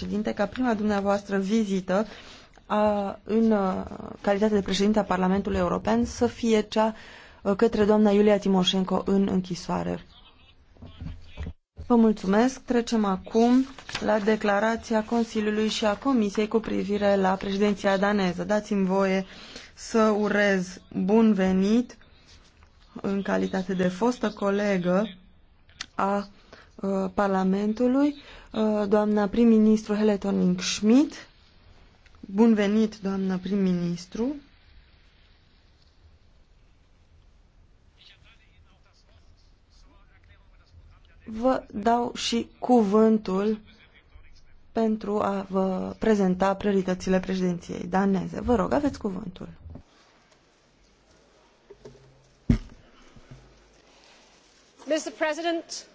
președinte, ca prima dumneavoastră vizită a, în calitate de președinte a Parlamentului European să fie cea către doamna Iulia Timoșenko în închisoare. Vă mulțumesc. Trecem acum la declarația Consiliului și a Comisiei cu privire la președinția daneză. Dați-mi voie să urez bun venit în calitate de fostă colegă a Uh, Parlamentului, uh, doamna prim-ministru Hele Toning Schmidt. Bun venit, doamna prim-ministru. Vă dau și cuvântul pentru a vă prezenta prioritățile președinției daneze. Vă rog, aveți cuvântul. Mr. President,